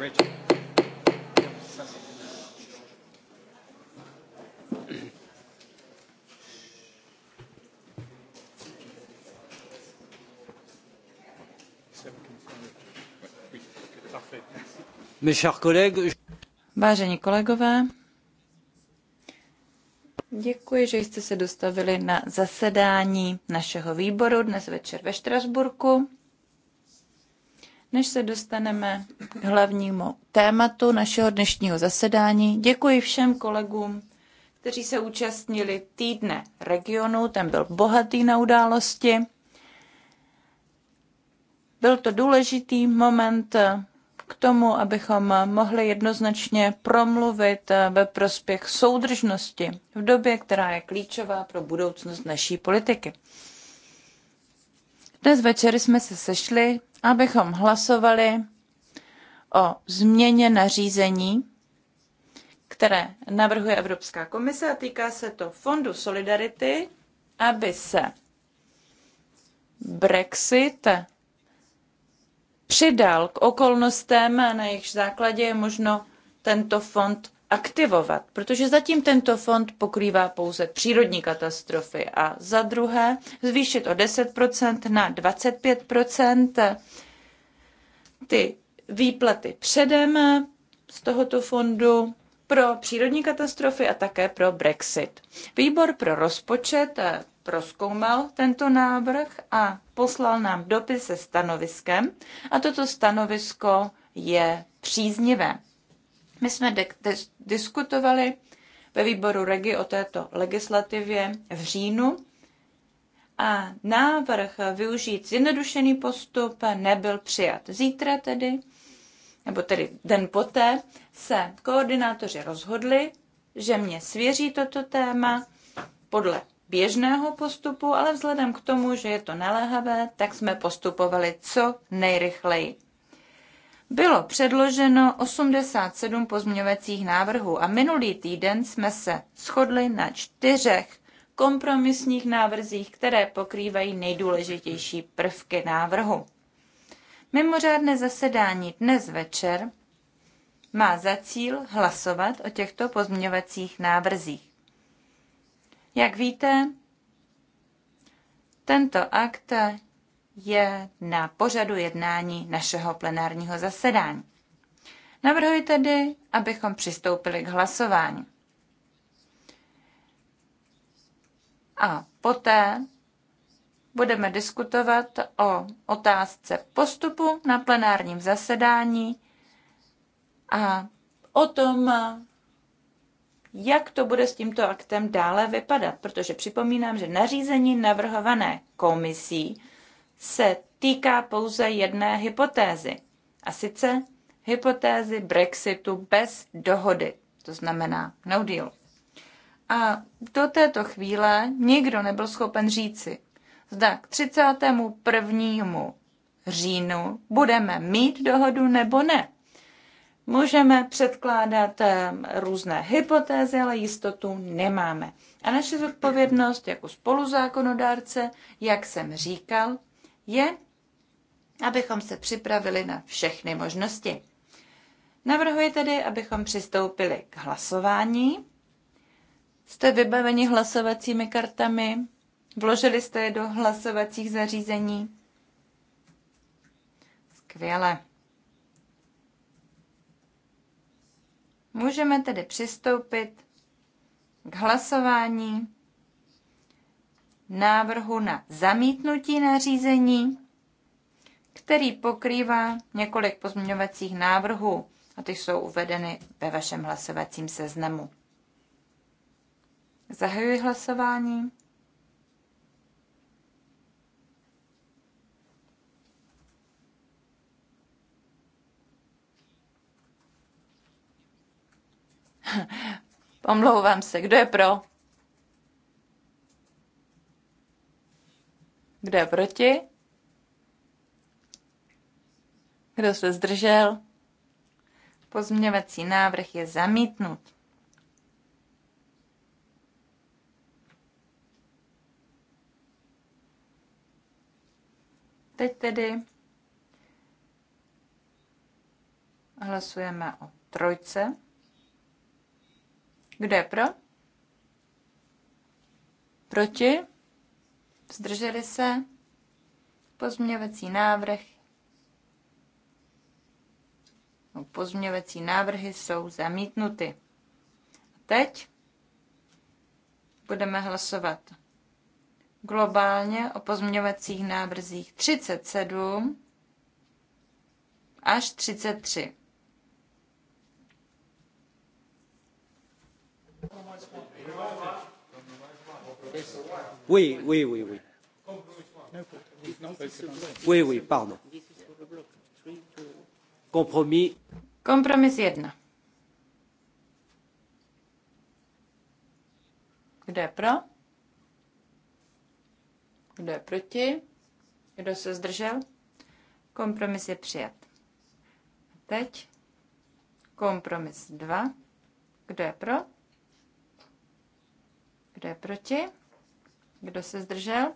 Rich. Vážení kolegové, děkuji, že jste se dostavili na zasedání našeho výboru dnes večer ve Štrasburku. Než se dostaneme k hlavnímu tématu našeho dnešního zasedání, děkuji všem kolegům, kteří se účastnili týdne regionu, ten byl bohatý na události. Byl to důležitý moment k tomu, abychom mohli jednoznačně promluvit ve prospěch soudržnosti v době, která je klíčová pro budoucnost naší politiky. Dnes večer jsme se sešli, abychom hlasovali o změně nařízení, které navrhuje Evropská komise a týká se to Fondu Solidarity, aby se Brexit přidal k okolnostem, na jejich základě je možno tento fond aktivovat, protože zatím tento fond pokrývá pouze přírodní katastrofy a za druhé zvýšit o 10% na 25% ty výplaty předem z tohoto fondu pro přírodní katastrofy a také pro Brexit. Výbor pro rozpočet eh, proskoumal tento návrh a poslal nám dopis se stanoviskem a toto stanovisko je příznivé. My jsme diskutovali ve výboru Regi o této legislativě v říjnu a návrh využít zjednodušený postup nebyl přijat. Zítra tedy, nebo tedy den poté, se koordinátoři rozhodli, že mě svěří toto téma podle běžného postupu, ale vzhledem k tomu, že je to naléhavé, tak jsme postupovali co nejrychleji bylo předloženo 87 pozměňovacích návrhů a minulý týden jsme se shodli na čtyřech kompromisních návrzích, které pokrývají nejdůležitější prvky návrhu. Mimořádné zasedání dnes večer má za cíl hlasovat o těchto pozměňovacích návrzích. Jak víte, tento akt je na pořadu jednání našeho plenárního zasedání. Navrhuji tedy, abychom přistoupili k hlasování. A poté budeme diskutovat o otázce postupu na plenárním zasedání a o tom, jak to bude s tímto aktem dále vypadat, protože připomínám, že nařízení navrhované komisí se týká pouze jedné hypotézy, a sice hypotézy Brexitu bez dohody, to znamená no deal. A do této chvíle nikdo nebyl schopen říci, zda k 31. říjnu budeme mít dohodu nebo ne. Můžeme předkládat eh, různé hypotézy, ale jistotu nemáme. A naše zodpovědnost jako spoluzákonodárce, jak jsem říkal, je, abychom se připravili na všechny možnosti. Navrhuji tedy, abychom přistoupili k hlasování. Jste vybaveni hlasovacími kartami? Vložili jste je do hlasovacích zařízení? Skvěle. Můžeme tedy přistoupit k hlasování návrhu na zamítnutí nařízení, který pokrývá několik pozměňovacích návrhů a ty jsou uvedeny ve vašem hlasovacím seznamu. Zahajuji hlasování. Omlouvám se, kdo je pro? Kdo je proti? Kdo se zdržel? Pozměňovací návrh je zamítnut. Teď tedy hlasujeme o trojce. Kdo je pro? Proti? zdrželi se, pozměňovací návrh no, pozměňovací návrhy jsou zamítnuty. A teď budeme hlasovat globálně o pozměňovacích návrzích 37 až 33. Oui, oui, oui, oui. Oui, oui, pardon. Compromis. Compromis 1. Kdo je pro? Kdo je proti? Kdo se zdržel? Kompromis je přijat. A Teď kompromis 2. Kdo je pro? Kdo je proti? Kdo se zdržel?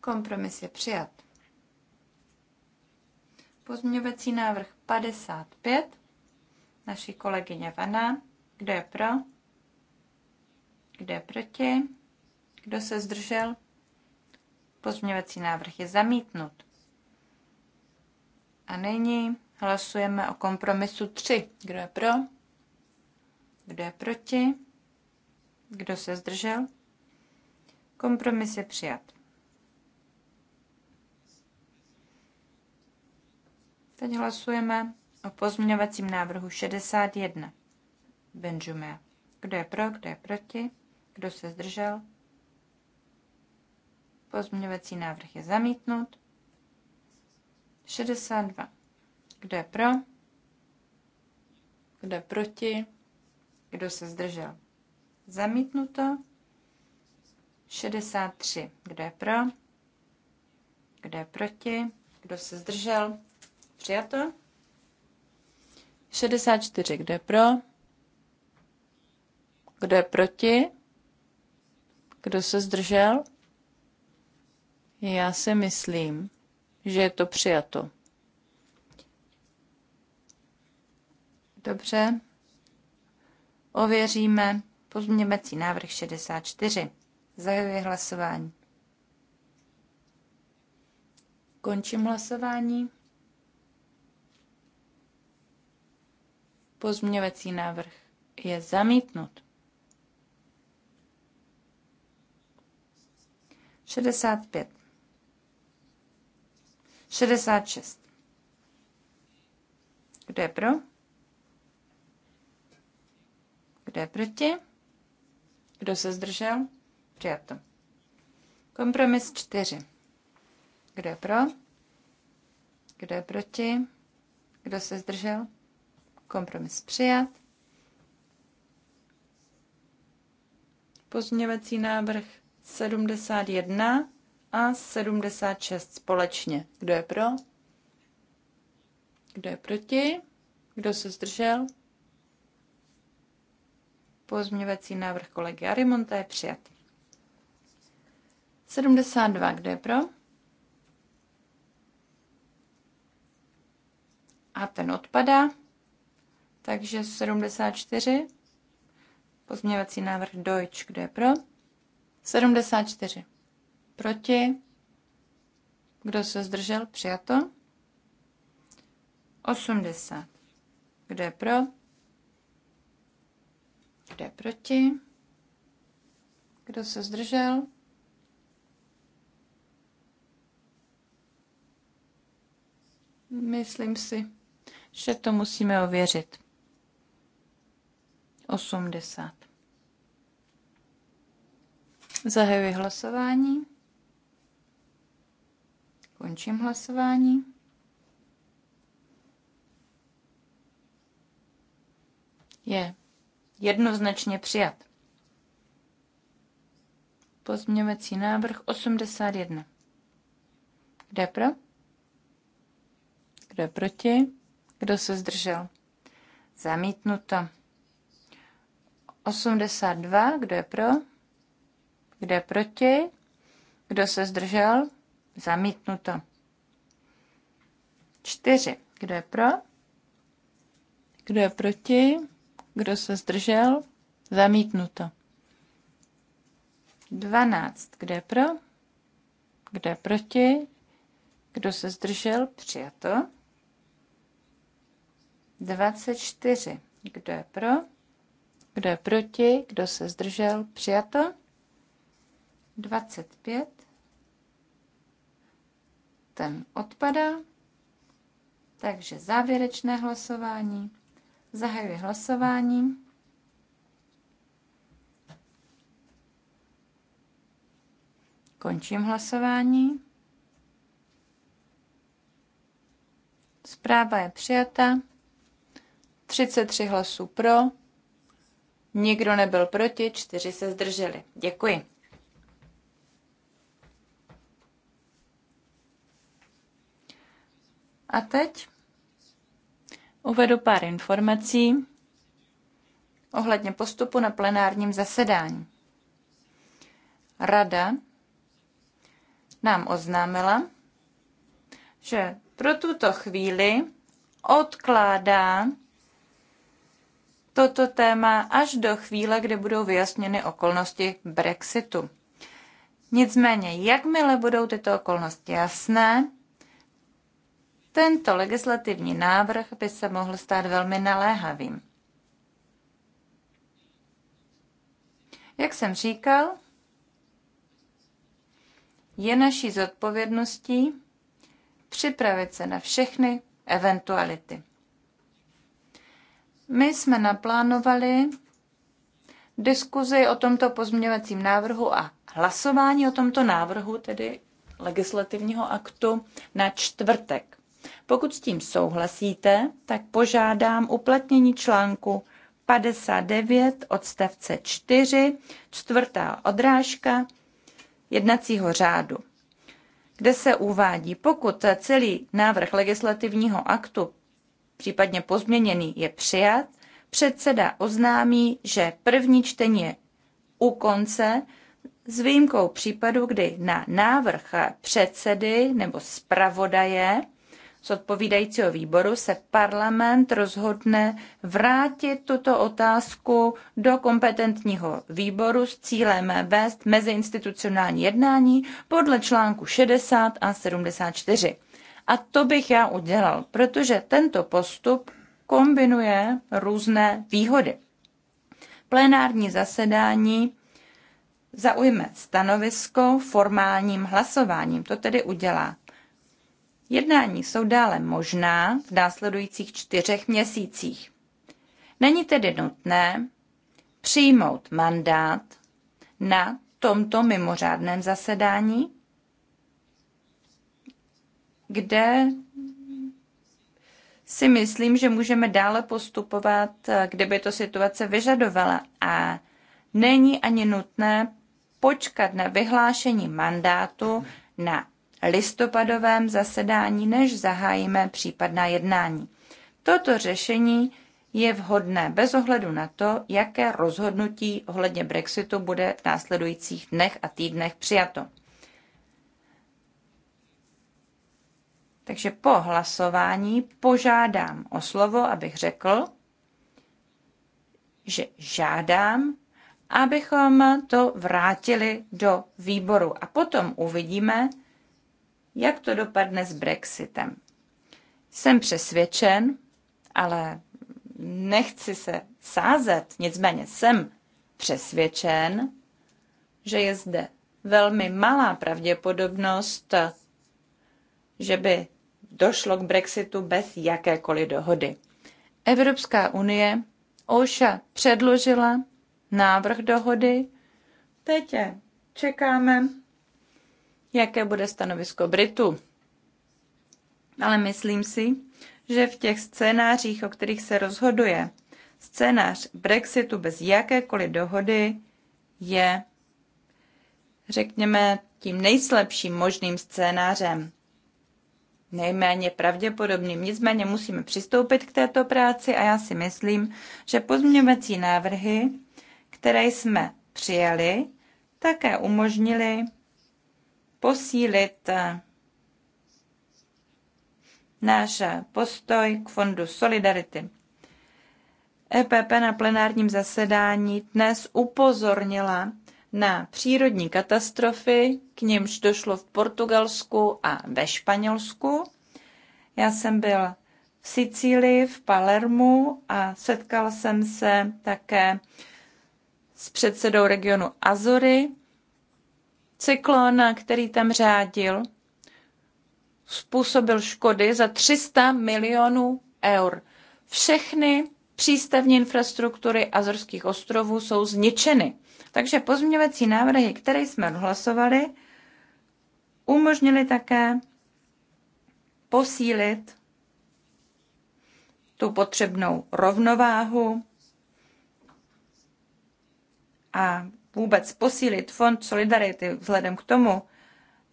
Kompromis je přijat. Pozměňovací návrh 55 naší kolegyně Vana. Kdo je pro? Kdo je proti? Kdo se zdržel? Pozměňovací návrh je zamítnut. A nyní hlasujeme o kompromisu 3. Kdo je pro? Kdo je proti? Kdo se zdržel? Kompromis je přijat. Teď hlasujeme o pozměňovacím návrhu 61. Benjumea. Kdo je pro, kdo je proti, kdo se zdržel? Pozměňovací návrh je zamítnut. 62. Kdo je pro? Kdo je proti? Kdo se zdržel? Zamítnuto. 63. Kdo je pro? Kdo je proti? Kdo se zdržel? Přijato. 64. Kdo je pro? Kdo je proti? Kdo se zdržel? Já si myslím, že je to přijato. Dobře. Ověříme pozměňovací návrh 64. Zahajuji hlasování. Končím hlasování. Pozměňovací návrh je zamítnut. 65. 66. Kdo je pro? Kdo je proti? Kdo se zdržel? Přijato. Kompromis čtyři. Kdo je pro? Kdo je proti? Kdo se zdržel? Kompromis přijat. Pozměňovací návrh 71 a 76 společně. Kdo je pro? Kdo je proti? Kdo se zdržel? Pozměňovací návrh kolegy Arimonta je přijat. 72, kde je pro? A ten odpadá. Takže 74. Pozměňovací návrh Deutsch, kde je pro? 74. Proti? Kdo se zdržel? Přijato. 80. Kdo je pro? Kdo je proti? Kdo se zdržel? Myslím si, že to musíme ověřit. 80. Zahajuji hlasování. Končím hlasování. Je jednoznačně přijat. Pozměňovací návrh 81. Kde pro? Kdo je proti? Kdo se zdržel? Zamítnuto. 82. Kdo je pro? Kdo je proti? Kdo se zdržel? Zamítnuto. 4. Kdo je pro? Kdo je proti? Kdo se zdržel? Zamítnuto. 12. Kdo je pro? Kdo je proti? Kdo se zdržel? Přijato. 24. Kdo je pro? Kdo je proti? Kdo se zdržel? Přijato. 25. Ten odpadá. Takže závěrečné hlasování. Zahajuji hlasování. Končím hlasování. Zpráva je přijata. 33 hlasů pro, nikdo nebyl proti, čtyři se zdrželi. Děkuji. A teď uvedu pár informací ohledně postupu na plenárním zasedání. Rada nám oznámila, že pro tuto chvíli odkládá toto téma až do chvíle, kdy budou vyjasněny okolnosti Brexitu. Nicméně, jakmile budou tyto okolnosti jasné, tento legislativní návrh by se mohl stát velmi naléhavým. Jak jsem říkal, je naší zodpovědností připravit se na všechny eventuality. My jsme naplánovali diskuzi o tomto pozměňovacím návrhu a hlasování o tomto návrhu, tedy legislativního aktu, na čtvrtek. Pokud s tím souhlasíte, tak požádám uplatnění článku 59 odstavce 4, čtvrtá odrážka jednacího řádu, kde se uvádí, pokud celý návrh legislativního aktu případně pozměněný, je přijat, předseda oznámí, že první čtení je u konce, s výjimkou případu, kdy na návrh předsedy nebo zpravodaje z odpovídajícího výboru se parlament rozhodne vrátit tuto otázku do kompetentního výboru s cílem vést meziinstitucionální jednání podle článku 60 a 74. A to bych já udělal, protože tento postup kombinuje různé výhody. Plenární zasedání zaujme stanovisko formálním hlasováním. To tedy udělá. Jednání jsou dále možná v následujících čtyřech měsících. Není tedy nutné přijmout mandát na tomto mimořádném zasedání, kde si myslím, že můžeme dále postupovat, kdyby to situace vyžadovala. A není ani nutné počkat na vyhlášení mandátu na listopadovém zasedání, než zahájíme případná jednání. Toto řešení je vhodné bez ohledu na to, jaké rozhodnutí ohledně Brexitu bude v následujících dnech a týdnech přijato. Takže po hlasování požádám o slovo, abych řekl, že žádám, abychom to vrátili do výboru a potom uvidíme, jak to dopadne s Brexitem. Jsem přesvědčen, ale nechci se sázet, nicméně jsem přesvědčen, že je zde velmi malá pravděpodobnost, že by došlo k Brexitu bez jakékoliv dohody. Evropská unie OŠA předložila návrh dohody. Teď čekáme, jaké bude stanovisko Britu. Ale myslím si, že v těch scénářích, o kterých se rozhoduje, scénář Brexitu bez jakékoliv dohody je, řekněme, tím nejslabším možným scénářem nejméně pravděpodobným. Nicméně musíme přistoupit k této práci a já si myslím, že pozměňovací návrhy, které jsme přijali, také umožnili posílit eh, náš postoj k Fondu Solidarity. EPP na plenárním zasedání dnes upozornila na přírodní katastrofy, k nimž došlo v Portugalsku a ve Španělsku. Já jsem byl v Sicílii, v Palermu a setkal jsem se také s předsedou regionu Azory. Cyklon, který tam řádil, způsobil škody za 300 milionů eur. Všechny přístavní infrastruktury Azorských ostrovů jsou zničeny. Takže pozměňovací návrhy, které jsme odhlasovali, umožnili také posílit tu potřebnou rovnováhu a vůbec posílit fond solidarity vzhledem k tomu,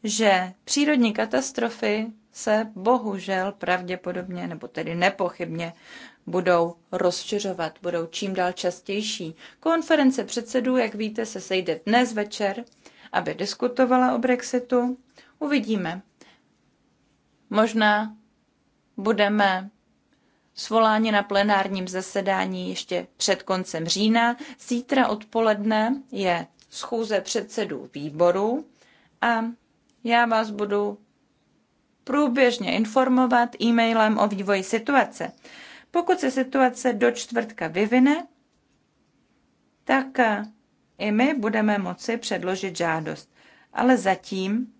že přírodní katastrofy se bohužel pravděpodobně, nebo tedy nepochybně, budou rozšiřovat, budou čím dál častější. Konference předsedů, jak víte, se sejde dnes večer, aby diskutovala o Brexitu. Uvidíme. Možná budeme svoláni na plenárním zasedání ještě před koncem října. Zítra odpoledne je schůze předsedů výboru a já vás budu průběžně informovat e-mailem o vývoji situace. Pokud se situace do čtvrtka vyvine, tak eh, i my budeme moci předložit žádost. Ale zatím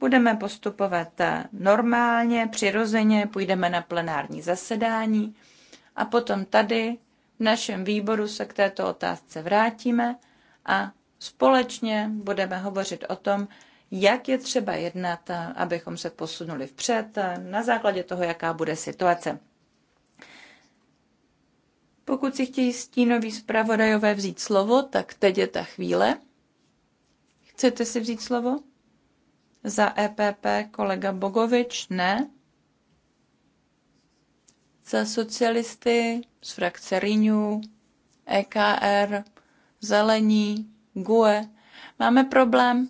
budeme postupovat eh, normálně, přirozeně, půjdeme na plenární zasedání a potom tady v našem výboru se k této otázce vrátíme a společně budeme hovořit o tom, jak je třeba jednat, eh, abychom se posunuli vpřed na základě toho, jaká bude situace. Pokud si chtějí stínoví zpravodajové vzít slovo, tak teď je ta chvíle. Chcete si vzít slovo? Za EPP kolega Bogovič ne. Za socialisty z frakce RINU, EKR, Zelení, GUE. Máme problém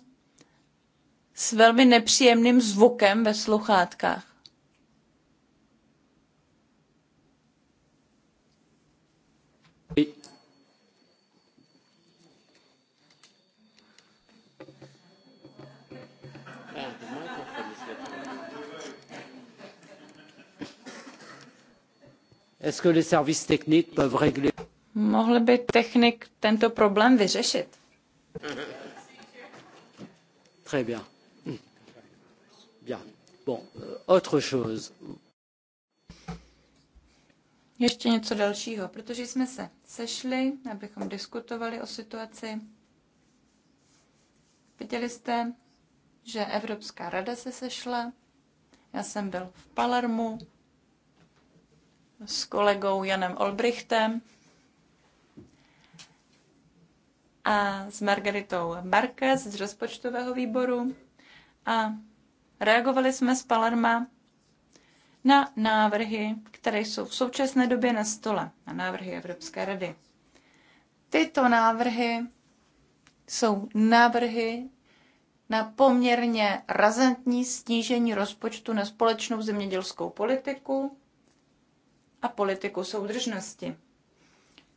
s velmi nepříjemným zvukem ve sluchátkách. Est-ce que les services techniques peuvent régler Mohl by technik tento problém vyřešit? Très bien. Bien. Bon, euh, autre chose ještě něco dalšího, protože jsme se sešli, abychom diskutovali o situaci. Viděli jste, že Evropská rada se sešla. Já jsem byl v Palermu s kolegou Janem Olbrichtem a s Margaritou Marquez z rozpočtového výboru a reagovali jsme z Palerma na návrhy, které jsou v současné době na stole, na návrhy Evropské rady. Tyto návrhy jsou návrhy na poměrně razantní snížení rozpočtu na společnou zemědělskou politiku a politiku soudržnosti.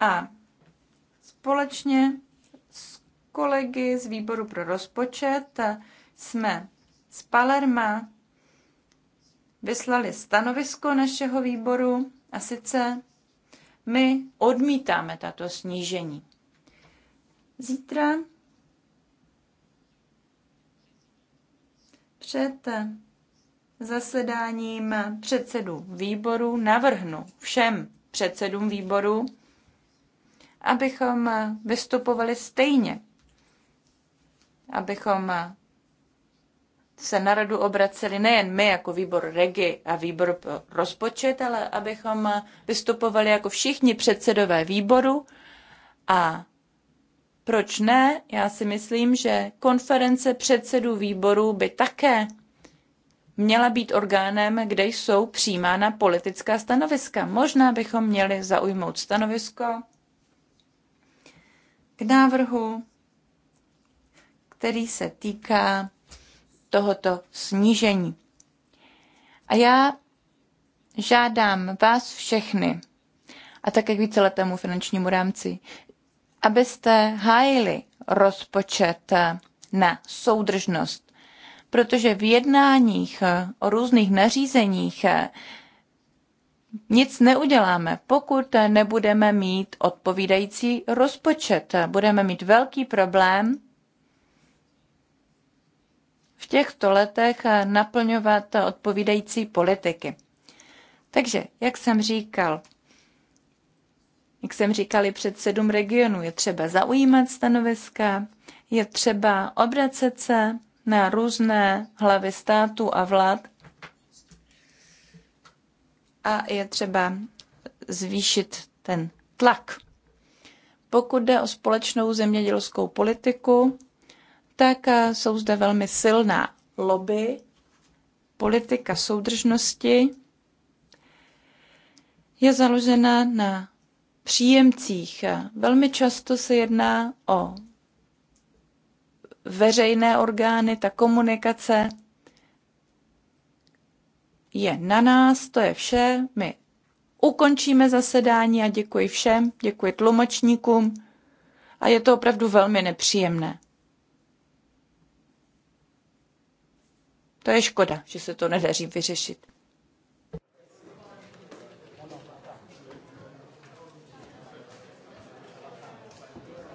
A společně s kolegy z výboru pro rozpočet jsme z Palerma vyslali stanovisko našeho výboru a sice my odmítáme tato snížení. Zítra před zasedáním předsedů výboru navrhnu všem předsedům výboru, abychom vystupovali stejně, abychom se na radu obraceli nejen my jako výbor REGI a výbor pro rozpočet, ale abychom vystupovali jako všichni předsedové výboru a proč ne? Já si myslím, že konference předsedů výboru by také měla být orgánem, kde jsou přijímána politická stanoviska. Možná bychom měli zaujmout stanovisko k návrhu, který se týká tohoto snížení. A já žádám vás všechny, a také k víceletému finančnímu rámci, abyste hájili rozpočet na soudržnost, protože v jednáních o různých nařízeních nic neuděláme, pokud nebudeme mít odpovídající rozpočet. Budeme mít velký problém v těchto letech eh, naplňovat odpovídající politiky. Takže, jak jsem říkal, jak jsem říkal i před sedm regionů, je třeba zaujímat stanoviska, je třeba obracet se na různé hlavy států a vlád a je třeba zvýšit ten tlak. Pokud jde o společnou zemědělskou politiku, tak eh, jsou zde velmi silná lobby, politika soudržnosti je založena na příjemcích. Velmi často se jedná o veřejné orgány, ta komunikace je na nás, to je vše. My ukončíme zasedání a děkuji všem, děkuji tlumočníkům a je to opravdu velmi nepříjemné. To je škoda, že se to nedaří vyřešit.